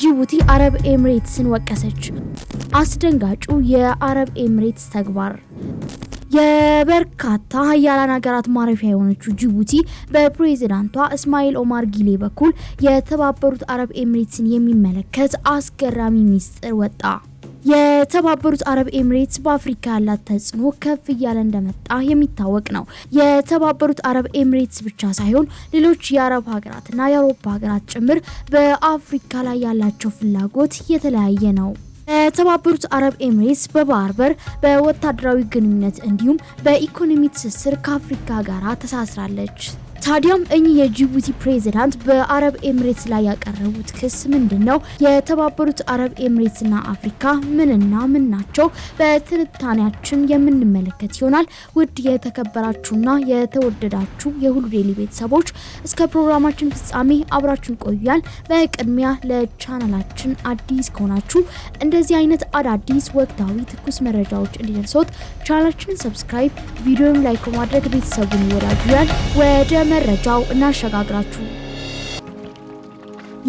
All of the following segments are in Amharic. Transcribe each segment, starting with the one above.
ጅቡቲ አረብ ኤምሬትስን ወቀሰች። አስደንጋጩ የአረብ ኤምሬትስ ተግባር የበርካታ ሀያላን ሀገራት ማረፊያ የሆነችው ጅቡቲ በፕሬዚዳንቷ እስማኤል ኦማር ጊሌ በኩል የተባበሩት አረብ ኤምሬትስን የሚመለከት አስገራሚ ሚስጥር ወጣ። የተባበሩት አረብ ኤሚሬትስ በአፍሪካ ያላት ተጽዕኖ ከፍ እያለ እንደመጣ የሚታወቅ ነው። የተባበሩት አረብ ኤሚሬትስ ብቻ ሳይሆን ሌሎች የአረብ ሀገራትና የአውሮፓ ሀገራት ጭምር በአፍሪካ ላይ ያላቸው ፍላጎት የተለያየ ነው። የተባበሩት አረብ ኤሚሬትስ በባህር በር፣ በወታደራዊ ግንኙነት እንዲሁም በኢኮኖሚ ትስስር ከአፍሪካ ጋር ተሳስራለች። ታዲያም እኚህ የጅቡቲ ፕሬዚዳንት በአረብ ኤምሬትስ ላይ ያቀረቡት ክስ ምንድን ነው? የተባበሩት አረብ ኤምሬትስና አፍሪካ ምንና ምን ናቸው? በትንታኔያችን የምንመለከት ይሆናል። ውድ የተከበራችሁና የተወደዳችሁ የሁሉ ዴይሊ ቤተሰቦች እስከ ፕሮግራማችን ፍጻሜ አብራችን ቆያል። በቅድሚያ ለቻናላችን አዲስ ከሆናችሁ እንደዚህ አይነት አዳዲስ ወቅታዊ ትኩስ መረጃዎች እንዲደርሶት ቻናላችንን ሰብስክራይብ፣ ቪዲዮም ላይክ በማድረግ ቤተሰቡን ይወዳጁያል ወደ መረጃው እናሸጋግራችሁ።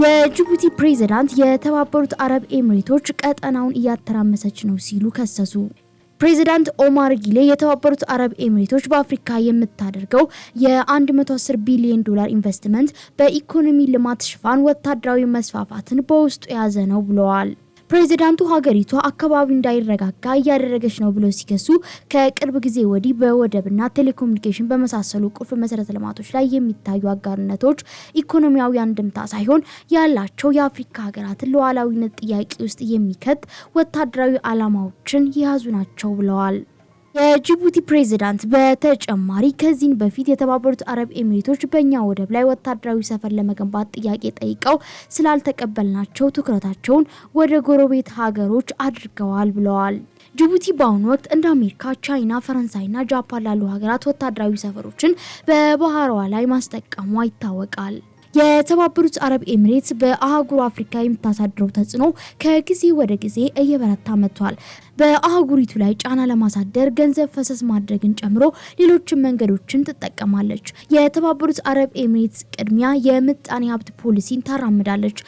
የጅቡቲ ፕሬዝዳንት የተባበሩት አረብ ኤምሬቶች ቀጠናውን እያተራመሰች ነው ሲሉ ከሰሱ። ፕሬዚዳንት ኦማር ጊሌ የተባበሩት አረብ ኤሚሬቶች በአፍሪካ የምታደርገው የ110 ቢሊዮን ዶላር ኢንቨስትመንት በኢኮኖሚ ልማት ሽፋን ወታደራዊ መስፋፋትን በውስጡ የያዘ ነው ብለዋል። ፕሬዚዳንቱ ሀገሪቷ አካባቢ እንዳይረጋጋ እያደረገች ነው ብለው ሲከሱ ከቅርብ ጊዜ ወዲህ በወደብና ቴሌኮሙኒኬሽን በመሳሰሉ ቁልፍ መሰረተ ልማቶች ላይ የሚታዩ አጋርነቶች ኢኮኖሚያዊ አንድምታ ሳይሆን ያላቸው የአፍሪካ ሀገራትን ሉዓላዊነት ጥያቄ ውስጥ የሚከት ወታደራዊ ዓላማዎችን የያዙ ናቸው ብለዋል። የጅቡቲ ፕሬዚዳንት በተጨማሪ ከዚህን በፊት የተባበሩት አረብ ኤሚሬቶች በእኛ ወደብ ላይ ወታደራዊ ሰፈር ለመገንባት ጥያቄ ጠይቀው ስላልተቀበልናቸው ትኩረታቸውን ወደ ጎረቤት ሀገሮች አድርገዋል ብለዋል። ጅቡቲ በአሁኑ ወቅት እንደ አሜሪካ፣ ቻይና፣ ፈረንሳይና ጃፓን ላሉ ሀገራት ወታደራዊ ሰፈሮችን በባህሯ ላይ ማስጠቀሟ ይታወቃል። የተባበሩት አረብ ኤሚሬትስ በአህጉሩ አፍሪካ የምታሳድረው ተጽዕኖ ከጊዜ ወደ ጊዜ እየበረታ መጥቷል። በአህጉሪቱ ላይ ጫና ለማሳደር ገንዘብ ፈሰስ ማድረግን ጨምሮ ሌሎችን መንገዶችን ትጠቀማለች። የተባበሩት አረብ ኤሚሬትስ ቅድሚያ የምጣኔ ሀብት ፖሊሲን ታራምዳለች።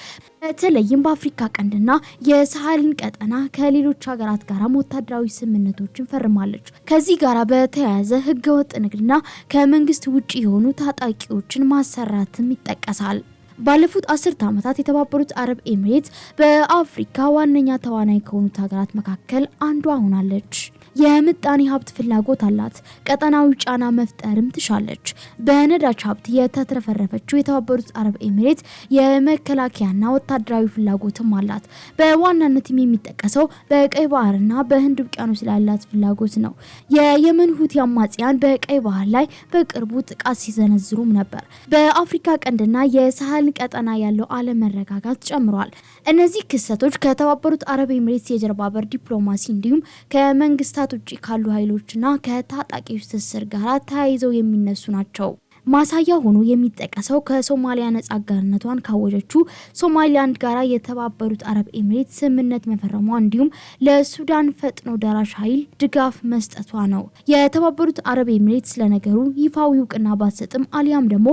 በተለይም በአፍሪካ ቀንድና የሳህልን ቀጠና ከሌሎች ሀገራት ጋር ወታደራዊ ስምምነቶችን ፈርማለች። ከዚህ ጋር በተያያዘ ህገወጥ ንግድና ከመንግስት ውጭ የሆኑ ታጣቂዎችን ማሰራትም ይጠቀሳል። ባለፉት አስርተ ዓመታት የተባበሩት አረብ ኤምሬት በአፍሪካ ዋነኛ ተዋናይ ከሆኑት ሀገራት መካከል አንዷ ሆናለች። የምጣኔ ሀብት ፍላጎት አላት። ቀጠናዊ ጫና መፍጠርም ትሻለች። በነዳጅ ሀብት የተትረፈረፈችው የተባበሩት አረብ ኤሚሬት የመከላከያና ወታደራዊ ፍላጎትም አላት። በዋናነትም የሚጠቀሰው በቀይ ባህርና በህንድ ውቅያኖስ ላይ ፍላጎት ነው። የየመን ሁቲ አማጽያን በቀይ ባህር ላይ በቅርቡ ጥቃት ሲዘነዝሩም ነበር። በአፍሪካ ቀንድና የሳህል ቀጠና ያለው አለመረጋጋት ጨምሯል። እነዚህ ክስተቶች ከተባበሩት አረብ ኤሚሬትስ የጀርባ በር ዲፕሎማሲ እንዲሁም ከመንግስታት ከጠላት ውጭ ካሉ ኃይሎችና ከታጣቂዎች ትስስር ጋር ተያይዘው የሚነሱ ናቸው። ማሳያ ሆኖ የሚጠቀሰው ከሶማሊያ ነጻ አጋርነቷን ካወጀችው ሶማሊላንድ ጋራ የተባበሩት አረብ ኤሚሬት ስምምነት መፈረሟ እንዲሁም ለሱዳን ፈጥኖ ደራሽ ኃይል ድጋፍ መስጠቷ ነው። የተባበሩት አረብ ኤምሬት ስለነገሩ ይፋዊ እውቅና ባትሰጥም አሊያም ደግሞ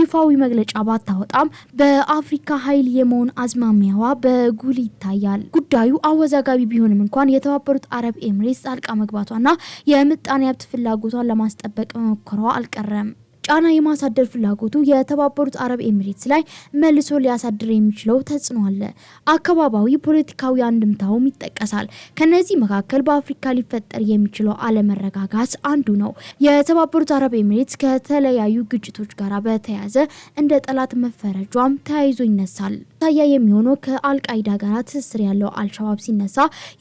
ይፋዊ መግለጫ ባታወጣም በአፍሪካ ኃይል የመሆን አዝማሚያዋ በጉል ይታያል። ጉዳዩ አወዛጋቢ ቢሆንም እንኳን የተባበሩት አረብ ኤምሬት ጣልቃ መግባቷና የምጣኔ ሀብት ፍላጎቷን ለማስጠበቅ መሞከሯ አልቀረም። ጫና የማሳደር ፍላጎቱ የተባበሩት አረብ ኤሚሬትስ ላይ መልሶ ሊያሳድር የሚችለው ተጽዕኖ አለ። አካባቢያዊ ፖለቲካዊ አንድምታውም ይጠቀሳል። ከነዚህ መካከል በአፍሪካ ሊፈጠር የሚችለው አለመረጋጋት አንዱ ነው። የተባበሩት አረብ ኤሚሬትስ ከተለያዩ ግጭቶች ጋር በተያያዘ እንደ ጠላት መፈረጇም ተያይዞ ይነሳል። ታያ የሚሆነው ከአልቃይዳ ጋር ትስስር ያለው አልሸባብ ሲነሳ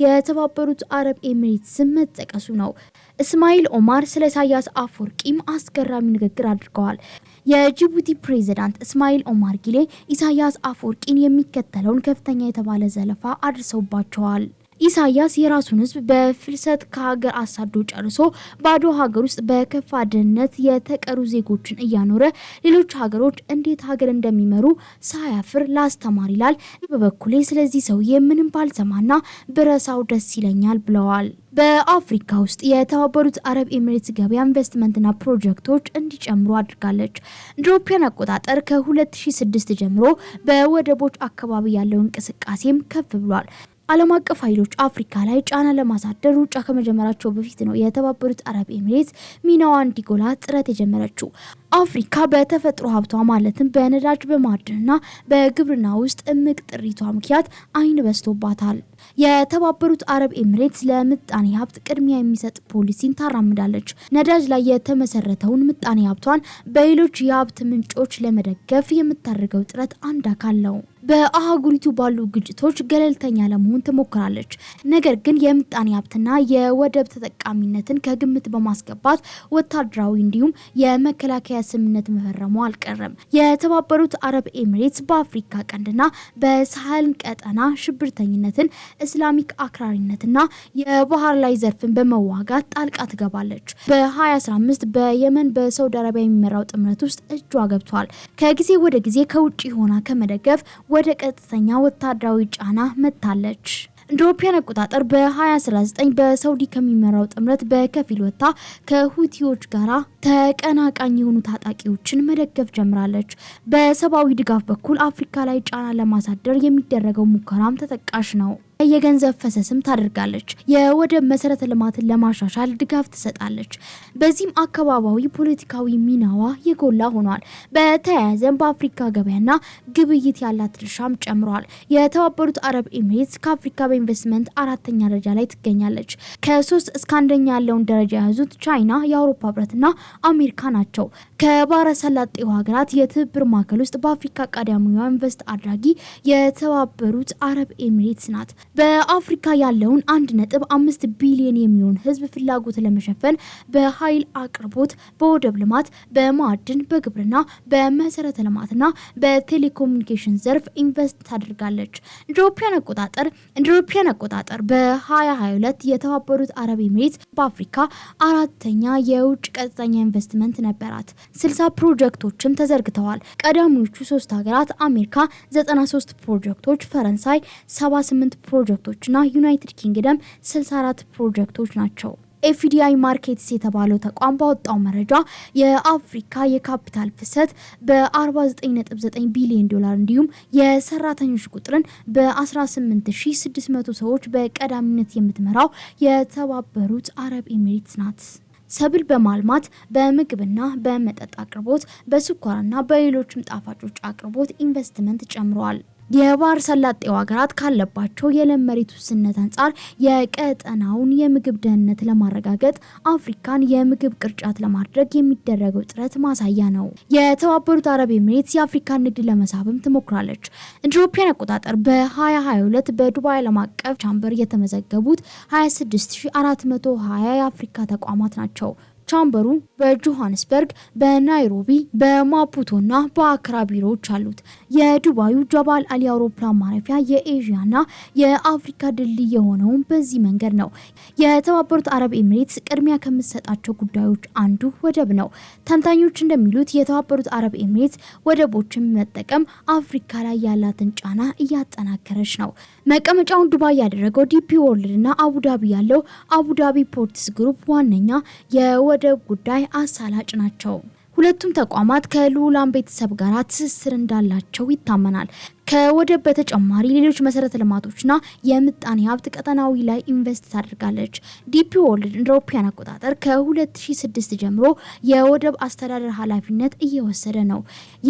የተባበሩት አረብ ኤሚሬትስም መጠቀሱ ነው። እስማኤል ኦማር ስለ ኢሳያስ አፈወርቂም አስገራሚ ንግግር አድርገዋል። የጅቡቲ ፕሬዚዳንት እስማኤል ኦማር ጊሌ ኢሳያስ አፈወርቂን የሚከተለውን ከፍተኛ የተባለ ዘለፋ አድርሰውባቸዋል። ኢሳያስ የራሱን ህዝብ በፍልሰት ከሀገር አሳዶ ጨርሶ ባዶ ሀገር ውስጥ በከፋ ድህነት የተቀሩ ዜጎችን እያኖረ ሌሎች ሀገሮች እንዴት ሀገር እንደሚመሩ ሳያፍር ላስተማር ይላል። በበኩሌ ስለዚህ ሰውዬ ምንም ባልሰማና ብረሳው ደስ ይለኛል ብለዋል። በአፍሪካ ውስጥ የተባበሩት አረብ ኤምሬትስ ገበያ ኢንቨስትመንትና ፕሮጀክቶች እንዲጨምሩ አድርጋለች። ኢትዮጵያን አቆጣጠር ከ2006 ጀምሮ በወደቦች አካባቢ ያለው እንቅስቃሴም ከፍ ብሏል። ዓለም አቀፍ ኃይሎች አፍሪካ ላይ ጫና ለማሳደር ሩጫ ከመጀመራቸው በፊት ነው የተባበሩት አረብ ኤምሬት ሚናዋ እንዲጎላ ጥረት የጀመረችው። አፍሪካ በተፈጥሮ ሀብቷ ማለትም በነዳጅ በማዕድንና በግብርና ውስጥ እምቅ ጥሪቷ ምክንያት አይን በስቶባታል። የተባበሩት አረብ ኤምሬትስ ለምጣኔ ሀብት ቅድሚያ የሚሰጥ ፖሊሲን ታራምዳለች። ነዳጅ ላይ የተመሰረተውን ምጣኔ ሀብቷን በሌሎች የሀብት ምንጮች ለመደገፍ የምታደርገው ጥረት አንድ አካል ነው። በአህጉሪቱ ባሉ ግጭቶች ገለልተኛ ለመሆን ትሞክራለች። ነገር ግን የምጣኔ ሀብትና የወደብ ተጠቃሚነትን ከግምት በማስገባት ወታደራዊ እንዲሁም የመከላከያ ስምምነት መፈረሙ አልቀረም። የተባበሩት አረብ ኤሚሬትስ በአፍሪካ ቀንድና በሳህል ቀጠና ሽብርተኝነትን፣ እስላሚክ አክራሪነትና የባህር ላይ ዘርፍን በመዋጋት ጣልቃ ትገባለች። በ2015 በየመን በሳውዲ አረቢያ የሚመራው ጥምረት ውስጥ እጇ ገብቷል። ከጊዜ ወደ ጊዜ ከውጭ ሆና ከመደገፍ ወደ ቀጥተኛ ወታደራዊ ጫና መጥታለች። እንደ አውሮፓውያን አቆጣጠር በ2019 በሳውዲ ከሚመራው ጥምረት በከፊል ወጥታ ከሁቲዎች ጋር ተቀናቃኝ የሆኑ ታጣቂዎችን መደገፍ ጀምራለች። በሰብአዊ ድጋፍ በኩል አፍሪካ ላይ ጫና ለማሳደር የሚደረገው ሙከራም ተጠቃሽ ነው። የገንዘብ ፈሰስም ታደርጋለች። የወደብ መሰረተ ልማትን ለማሻሻል ድጋፍ ትሰጣለች። በዚህም አካባቢያዊ ፖለቲካዊ ሚናዋ የጎላ ሆኗል። በተያያዘም በአፍሪካ ገበያና ግብይት ያላት ድርሻም ጨምሯል። የተባበሩት አረብ ኤሚሬትስ ከአፍሪካ በኢንቨስትመንት አራተኛ ደረጃ ላይ ትገኛለች። ከሶስት እስከ አንደኛ ያለውን ደረጃ የያዙት ቻይና፣ የአውሮፓ ህብረትና አሜሪካ ናቸው። ከባረሰላጤው ሀገራት የትብብር ማዕከል ውስጥ በአፍሪካ ቀዳሚዋ ኢንቨስት አድራጊ የተባበሩት አረብ ኤሚሬትስ ናት። በአፍሪካ ያለውን አንድ ነጥብ አምስት ቢሊዮን የሚሆን ህዝብ ፍላጎት ለመሸፈን በኃይል አቅርቦት፣ በወደብ ልማት፣ በማዕድን፣ በግብርና፣ በመሰረተ ልማትና በቴሌኮሙኒኬሽን ዘርፍ ኢንቨስት ታደርጋለች። ኢትዮጵያን አቆጣጠር እንደ አቆጣጠር በ2022 የተባበሩት አረብ ኤሚሬት በአፍሪካ አራተኛ የውጭ ቀጥተኛ ኢንቨስትመንት ነበራት። 60 ፕሮጀክቶችም ተዘርግተዋል። ቀዳሚዎቹ ሶስት ሀገራት አሜሪካ 93 ፕሮጀክቶች፣ ፈረንሳይ 78 ፕሮ እና ዩናይትድ ኪንግደም 64 ፕሮጀክቶች ናቸው። ኤፍዲአይ ማርኬትስ የተባለው ተቋም ባወጣው መረጃ የአፍሪካ የካፒታል ፍሰት በ49.9 ቢሊዮን ዶላር እንዲሁም የሰራተኞች ቁጥርን በ18600 ሰዎች በቀዳሚነት የምትመራው የተባበሩት አረብ ኤሚሬትስ ናት። ሰብል በማልማት በምግብና በመጠጥ አቅርቦት፣ በስኳርና በሌሎችም ጣፋጮች አቅርቦት ኢንቨስትመንት ጨምረዋል። የባህር ሰላጤው ሀገራት ካለባቸው የለም መሬት ውስንነት አንጻር የቀጠናውን የምግብ ደህንነት ለማረጋገጥ አፍሪካን የምግብ ቅርጫት ለማድረግ የሚደረገው ጥረት ማሳያ ነው። የተባበሩት አረብ ኤሚሬትስ የአፍሪካን ንግድ ለመሳብም ትሞክራለች። እንደ አቆጣጠር በ2022 በዱባይ ዓለም አቀፍ ቻምበር የተመዘገቡት 26420 የአፍሪካ ተቋማት ናቸው። ቻምበሩ በጆሃንስበርግ፣ በናይሮቢ፣ በማፑቶና በአክራ ቢሮዎች አሉት። የዱባዩ ጀባል አሊ አውሮፕላን ማረፊያ የኤዥያና የአፍሪካ ድልድይ የሆነውን በዚህ መንገድ ነው። የተባበሩት አረብ ኤሚሬትስ ቅድሚያ ከምትሰጣቸው ጉዳዮች አንዱ ወደብ ነው። ተንታኞች እንደሚሉት የተባበሩት አረብ ኤሚሬትስ ወደቦችን መጠቀም አፍሪካ ላይ ያላትን ጫና እያጠናከረች ነው። መቀመጫውን ዱባይ ያደረገው ዲፒ ወርልድና አቡዳቢ ያለው አቡዳቢ ፖርትስ ግሩፕ ዋነኛ የወ የወደብ ጉዳይ አሳላጭ ናቸው። ሁለቱም ተቋማት ከልዑላን ቤተሰብ ጋር ትስስር እንዳላቸው ይታመናል። ከወደብ በተጨማሪ ሌሎች መሰረተ ልማቶችና የምጣኔ ሀብት ቀጠናዊ ላይ ኢንቨስት ታደርጋለች። ዲፒ ወርልድ እንደ አውሮፓውያን አቆጣጠር ከ2006 ጀምሮ የወደብ አስተዳደር ኃላፊነት እየወሰደ ነው።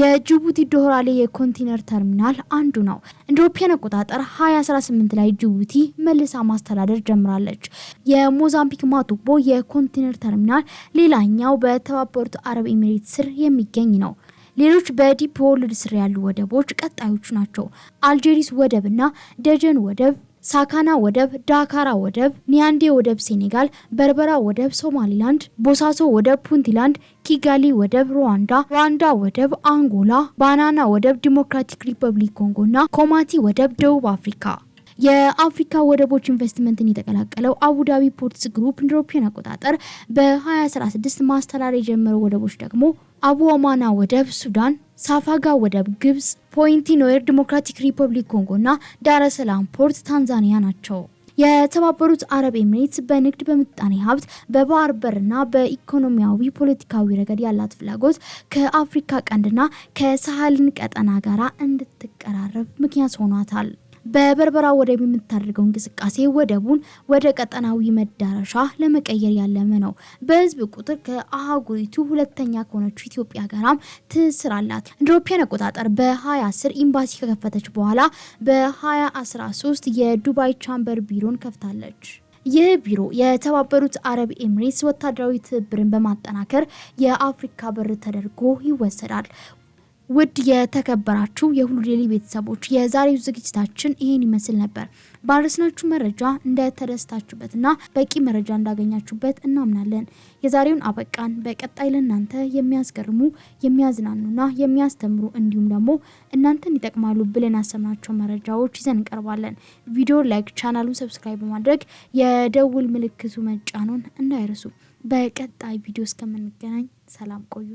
የጅቡቲ ዶራሌ የኮንቲነር ተርሚናል አንዱ ነው። እንደ አውሮፓውያን አቆጣጠር 2018 ላይ ጅቡቲ መልሳ ማስተዳደር ጀምራለች። የሞዛምቢክ ማቱቦ የኮንቲነር ተርሚናል ሌላኛው በተባበሩት አረብ ኤሚሬት ስር የሚገኝ ነው። ሌሎች በዲፕ ወርልድ ስር ያሉ ወደቦች ቀጣዮቹ ናቸው። አልጄሪስ ወደብ እና ደጀን ወደብ ሳካና ወደብ፣ ዳካራ ወደብ፣ ኒያንዴ ወደብ ሴኔጋል፣ በርበራ ወደብ ሶማሊላንድ፣ ቦሳሶ ወደብ ፑንትላንድ፣ ኪጋሊ ወደብ ሩዋንዳ፣ ሩዋንዳ ወደብ አንጎላ፣ ባናና ወደብ ዲሞክራቲክ ሪፐብሊክ ኮንጎ እና ኮማቲ ወደብ ደቡብ አፍሪካ የአፍሪካ ወደቦች ኢንቨስትመንትን የተቀላቀለው አቡዳቢ ፖርትስ ግሩፕ እንደ አውሮፓውያን አቆጣጠር በ2016 ማስተዳደር የጀመረው ወደቦች ደግሞ አቡ ኦማና ወደብ ሱዳን፣ ሳፋጋ ወደብ ግብጽ፣ ኖየር ዲሞክራቲክ ሪፐብሊክ ኮንጎ ኮንጎና ዳረሰላም ፖርት ታንዛኒያ ናቸው። የተባበሩት አረብ ኤምሬትስ በንግድ በምጣኔ ሀብት በባህር በርና በኢኮኖሚያዊ ፖለቲካዊ ረገድ ያላት ፍላጎት ከአፍሪካ ቀንድና ከሳህልን ቀጠና ጋር እንድትቀራረብ ምክንያት ሆኗታል። በበርበራ ወደብ የምታደርገው እንቅስቃሴ ወደቡን ወደ ቀጠናዊ መዳረሻ ለመቀየር ያለመ ነው። በህዝብ ቁጥር ከአህጉሪቱ ሁለተኛ ከሆነችው ኢትዮጵያ ጋራም ትስር አላት። እንደ አውሮፓውያን አቆጣጠር በ2010 ኤምባሲ ከከፈተች በኋላ በ2013 የዱባይ ቻምበር ቢሮን ከፍታለች። ይህ ቢሮ የተባበሩት አረብ ኤምሬትስ ወታደራዊ ትብብርን በማጠናከር የአፍሪካ በር ተደርጎ ይወሰዳል። ውድ የተከበራችሁ የሁሉ ዴይሊ ቤተሰቦች የዛሬው ዝግጅታችን ይህን ይመስል ነበር። ባረስናችሁ መረጃ እንደተደስታችሁበትና በቂ መረጃ እንዳገኛችሁበት እናምናለን። የዛሬውን አበቃን። በቀጣይ ለእናንተ የሚያስገርሙ የሚያዝናኑና የሚያስተምሩ እንዲሁም ደግሞ እናንተን ይጠቅማሉ ብለን ያሰብናቸው መረጃዎች ይዘን እንቀርባለን። ቪዲዮ ላይክ፣ ቻናሉን ሰብስክራይብ በማድረግ የደውል ምልክቱ መጫኑን እንዳይረሱ። በቀጣይ ቪዲዮ እስከምንገናኝ ሰላም ቆዩ።